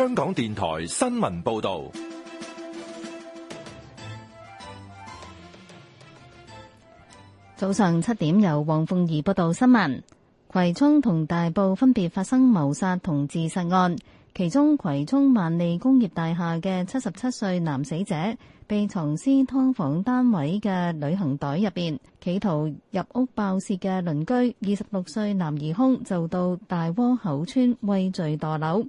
香港電台新聞報道，早上七點，由黃鳳儀報道新聞。葵涌同大埔分別發生謀殺同自殺案，其中葵涌萬利工業大廈嘅七十七歲男死者被藏屍劏房單位嘅旅行袋入邊，企圖入屋爆竊嘅鄰居二十六歲男兒凶就到大窩口村畏罪墮樓。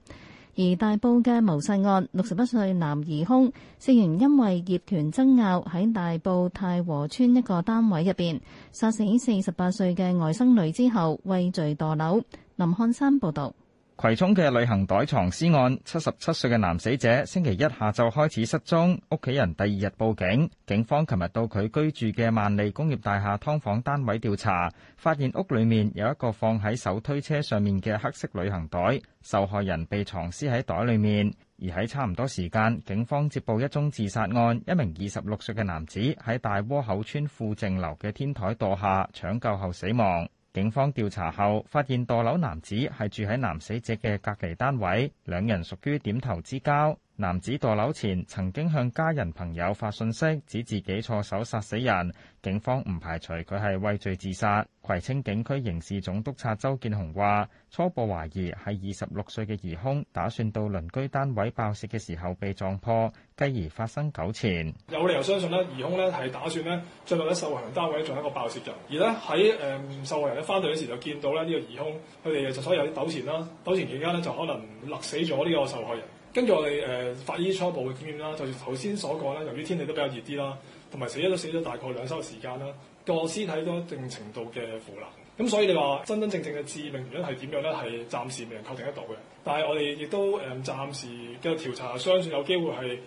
而大埔嘅謀殺案，六十一歲男疑兇涉嫌因為業權爭拗，喺大埔太和村一個單位入邊，殺死四十八歲嘅外甥女之後，畏罪墮樓。林漢山報道。葵涌嘅旅行袋藏屍案，七十七歲嘅男死者星期一下晝開始失蹤，屋企人第二日報警，警方琴日到佢居住嘅萬利工業大廈劏房單位調查，發現屋裏面有一個放喺手推車上面嘅黑色旅行袋，受害人被藏屍喺袋裏面。而喺差唔多時間，警方接報一宗自殺案，一名二十六歲嘅男子喺大窩口村富正樓嘅天台墮下，搶救後死亡。警方調查後發現，墮樓男子係住喺男死者嘅隔離單位，兩人屬於點頭之交。男子墮樓前曾經向家人朋友發信息，指自己錯手殺死人。警方唔排除佢係畏罪自殺。葵青警區刑事總督察周建雄話：初步懷疑係二十六歲嘅疑兇，打算到鄰居單位爆竊嘅時候被撞破，繼而發生糾纏。有理由相信呢疑兇呢係打算呢進入呢受害人單位做一個爆竊人，而呢喺誒受害人呢翻到嘅時，就見到咧呢個疑兇，佢哋就所以有啲糾纏啦。糾纏期間呢就可能勒死咗呢個受害人。跟住我哋誒法醫初步嘅檢驗啦，就似頭先所講啦，由於天氣都比較熱啲啦，同埋死咗都死咗大概兩週時間啦，個屍體都一定程度嘅腐爛，咁所以你話真真正正嘅致命原因係點樣咧？係暫時未能確定得到嘅。但係我哋亦都誒暫時嘅調查，相信有機會係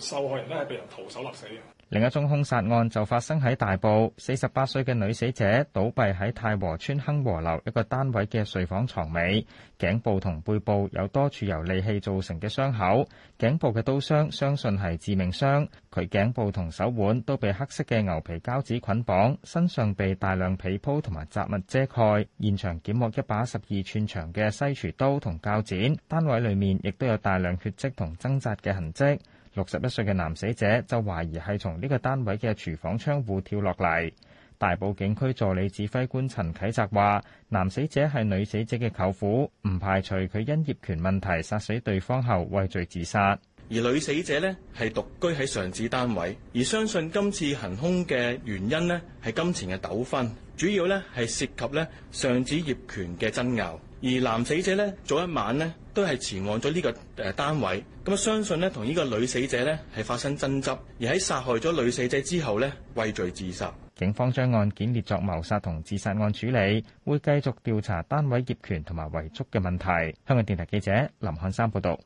誒受害人咧係被人徒手勒死嘅。另一宗凶殺案就發生喺大埔，四十八歲嘅女死者倒閉喺太和邨亨和樓一個單位嘅睡房床尾，頸部同背部有多處由利器造成嘅傷口，頸部嘅刀傷相信係致命傷。佢頸部同手腕都被黑色嘅牛皮膠紙捆綁，身上被大量被鋪同埋雜物遮蓋。現場檢獲一把十二吋長嘅西廚刀同鉸剪，單位裡面亦都有大量血跡同掙扎嘅痕跡。六十一歲嘅男死者就懷疑係從呢個單位嘅廚房窗戶跳落嚟。大埔警區助理指揮官陳啟澤話：男死者係女死者嘅舅父，唔排除佢因業權問題殺死對方後畏罪自殺。而女死者呢，係獨居喺上址單位，而相信今次行凶嘅原因呢，係金錢嘅糾紛，主要呢，係涉及呢上址業權嘅爭拗。而男死者呢，早一晚呢。都係前往咗呢個誒單位，咁啊相信呢同呢個女死者呢係發生爭執，而喺殺害咗女死者之後呢，畏罪自殺。警方將案件列作謀殺同自殺案處理，會繼續調查單位業權同埋遺囑嘅問題。香港電台記者林漢山報道。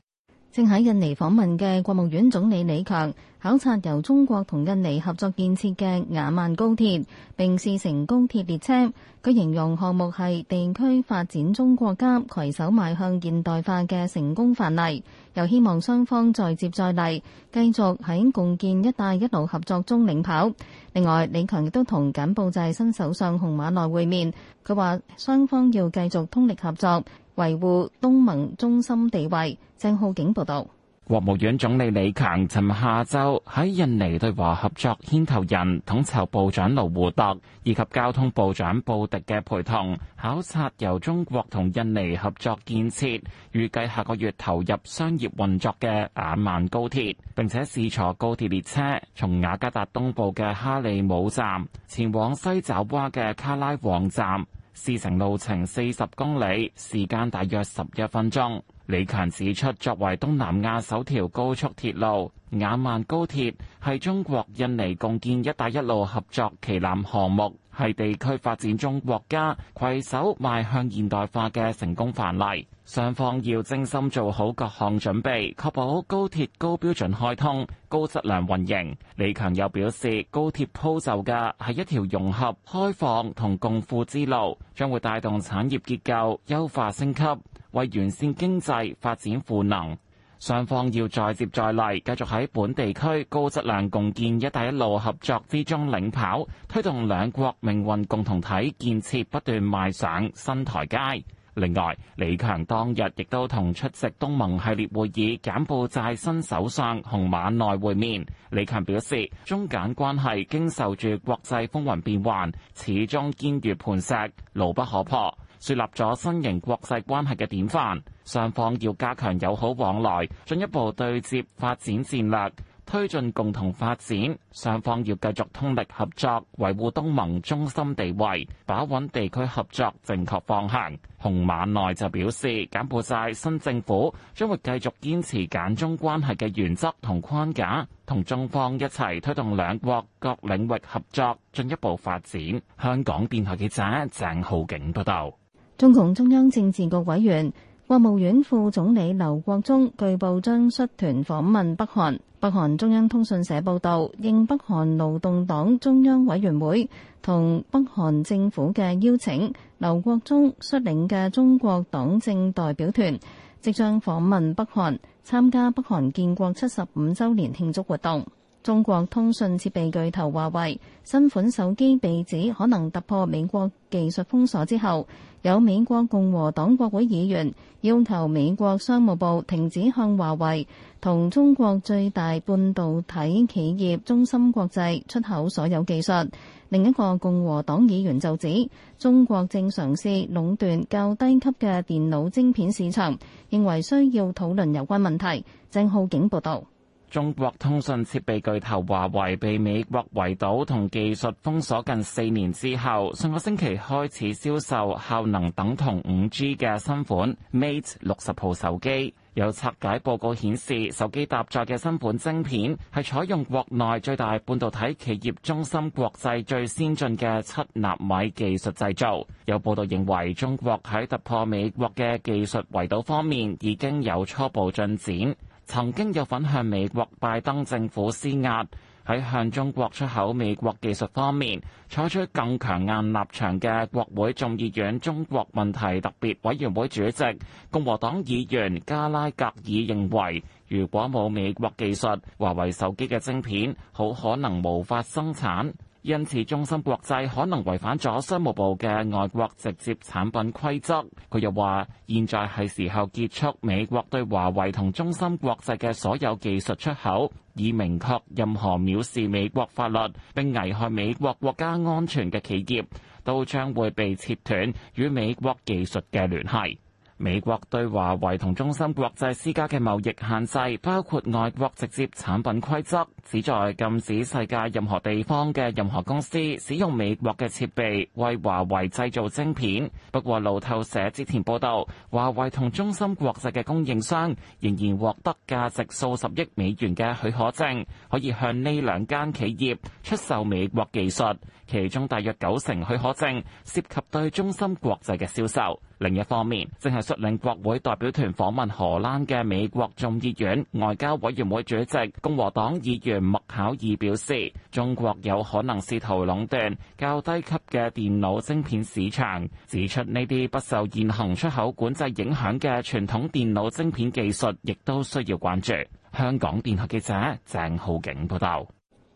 正喺印尼訪問嘅國務院總理李強考察由中國同印尼合作建設嘅雅萬高鐵，並試乘高鐵列車。佢形容項目係地區發展中國家携手邁向現代化嘅成功範例，又希望雙方再接再厲，繼續喺共建“一帶一路”合作中領跑。另外，李強亦都同柬埔寨新首相洪瑪奈會面，佢話雙方要繼續通力合作。維護東盟中心地位。鄭浩景報道，國務院總理李強尋日下晝喺印尼對華合作牽頭人、統籌部長盧胡特以及交通部長布迪嘅陪同，考察由中國同印尼合作建設、預計下個月投入商業運作嘅雅萬高鐵，並且試坐高鐵列車從雅加達東部嘅哈利姆站前往西爪哇嘅卡拉旺站。試乘路程四十公里，時間大約十一分鐘。李強指出，作為東南亞首條高速鐵路，雅萬高鐵係中國印尼共建“一帶一路”合作旗艦項目。係地區發展中國家攜手邁向現代化嘅成功範例，雙方要精心做好各項準備，確保高鐵高標準開通、高質量運營。李強又表示，高鐵鋪就嘅係一條融合、開放同共富之路，將會帶動產業結構優化升級，為完善經濟發展賦能。雙方要再接再厲，繼續喺本地區高質量共建“一帶一路”合作之中領跑，推動兩國命運共同體建設不斷邁上新台階。另外，李強當日亦都同出席東盟系列會議、柬埔寨新首相洪瑪奈會面。李強表示，中柬關係經受住國際風雲變幻，始終堅如磐石，牢不可破。樹立咗新型國際關係嘅典範。雙方要加強友好往來，進一步對接發展戰略，推進共同發展。雙方要繼續通力合作，維護東盟中心地位，把穩地區合作正確方向。洪馬內就表示，柬埔寨新政府將會繼續堅持柬中關係嘅原則同框架，同中方一齊推動兩國各領域合作進一步發展。香港電台記者鄭浩景報道。中共中央政治局委員、國務院副總理劉國中據報將率團訪問北韓。北韓中央通訊社報道，應北韓勞動黨中央委員會同北韓政府嘅邀請，劉國中率領嘅中國黨政代表團即將訪問北韓，參加北韓建國七十五周年慶祝活動。中國通訊設備巨頭華為新款手機被指可能突破美國技術封鎖之後，有美國共和黨國會議員要求美國商務部停止向華為同中國最大半導體企業中芯國際出口所有技術。另一個共和黨議員就指，中國正嘗試壟斷較低級嘅電腦晶片市場，認為需要討論有關問題。鄭浩景報道。中國通訊設備巨頭華為被美國圍堵同技術封鎖近四年之後，上個星期開始銷售效能等同 5G 嘅新款 Mate 六十 Pro 手機。有拆解報告顯示，手機搭載嘅新款晶片係採用國內最大半導體企業中芯國際最先進嘅七納米技術製造。有報道認為，中國喺突破美國嘅技術圍堵方面已經有初步進展。曾經有份向美國拜登政府施壓，喺向中國出口美國技術方面採取更強硬立場嘅國會眾議院中國問題特別委員會主席共和黨議員加拉格爾認為，如果冇美國技術，華為手機嘅晶片好可能無法生產。因此，中芯國際可能違反咗商務部嘅外國直接產品規則，佢又話現在係時候結束美國對華為同中芯國際嘅所有技術出口，以明確任何藐視美國法律並危害美國國家安全嘅企業都將會被切斷與美國技術嘅聯繫。美國對華為同中芯國際施加嘅貿易限制，包括外國直接產品規則，旨在禁止世界任何地方嘅任何公司使用美國嘅設備為華為製造晶片。不過，路透社之前報導，華為同中芯國際嘅供應商仍然獲得價值數十億美元嘅許可證，可以向呢兩間企業出售美國技術，其中大約九成許可證涉及對中芯國際嘅銷售。另一方面，正係率領國會代表團訪問荷蘭嘅美國眾議院外交委員會主席共和黨議員麥考爾表示，中國有可能試圖壟斷較低級嘅電腦晶片市場，指出呢啲不受現行出口管制影響嘅傳統電腦晶片技術，亦都需要關注。香港電台記者鄭浩景報道。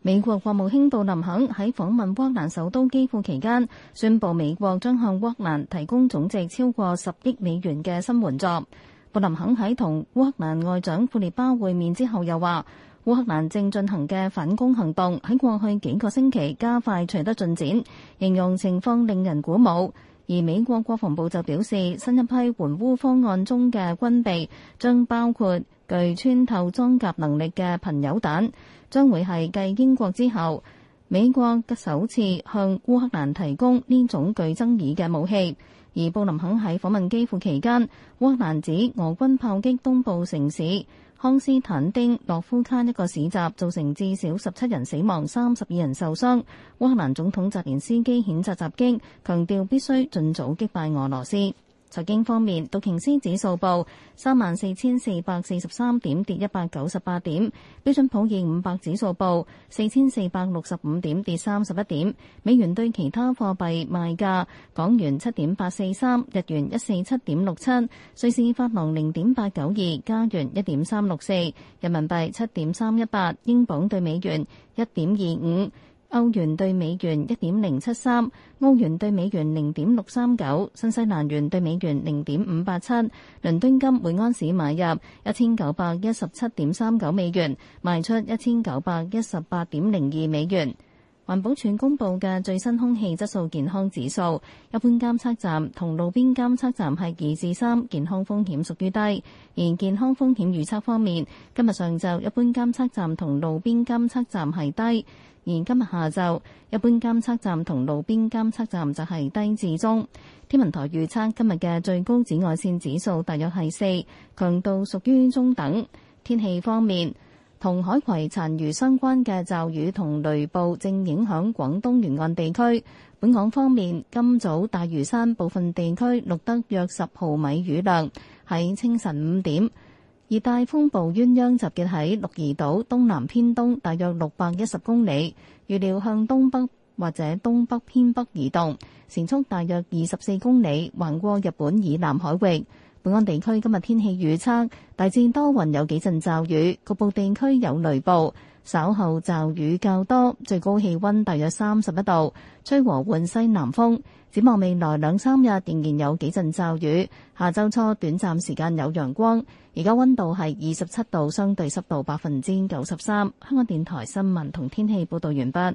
美國國務卿布林肯喺訪問烏克蘭首都基輔期間，宣布美國將向烏克蘭提供總值超過十億美元嘅新援助。布林肯喺同烏克蘭外長庫列巴會面之後又，又話烏克蘭正進行嘅反攻行動喺過去幾個星期加快取得進展，形容情況令人鼓舞。而美國國防部就表示，新一批援烏方案中嘅軍備將包括具穿透裝甲能力嘅貧鈾彈，將會係繼英國之後，美國嘅首次向烏克蘭提供呢種具爭議嘅武器。而布林肯喺訪問基輔期間，烏克蘭指俄軍炮擊東部城市康斯坦丁·洛夫卡一個市集造成至少十七人死亡，三十二人受傷，烏克蘭總統澤連斯基譴責襲擊，強調必須盡早擊敗俄羅斯。財經方面，道瓊斯指數報三萬四千四百四十三點，跌一百九十八點，標準普爾五百指數報四千四百六十五點，跌三十一點，美元對其他貨幣賣價，港元七點八四三，日元一四七點六七，瑞士法郎零點八九二，加元一點三六四，人民幣七點三一八，英鎊兌美元一點二五。歐元對美元一點零七三，歐元對美元零點六三九，新西蘭元對美元零點五八七，倫敦金每安士買入一千九百一十七點三九美元，賣出一千九百一十八點零二美元。環保署公布嘅最新空氣質素健康指數，一般監測站同路邊監測站係二至三，健康風險屬於低。而健康風險預測方面，今日上晝一般監測站同路邊監測站係低，而今日下晝一般監測站同路邊監測站就係低至中。天文台預測今日嘅最高紫外線指數大約係四，強度屬於中等。天氣方面。同海葵殘餘相關嘅驟雨同雷暴正影響廣東沿岸地區。本港方面，今早大嶼山部分地區錄得約十毫米雨量，喺清晨五點。熱帶風暴鴛鴦集結喺鹿兒島東南偏東，大約六百一十公里，預料向東北或者東北偏北移動，時速大約二十四公里，橫過日本以南海域。本安地區今日天氣預測：大致多雲，有幾陣驟雨，局部地區有雷暴。稍後驟雨較多，最高氣溫大約三十一度，吹和緩西南風。展望未來兩三日仍然有幾陣驟雨，下周初短暫時間有陽光。而家温度係二十七度，相對濕度百分之九十三。香港電台新聞同天氣報道完畢。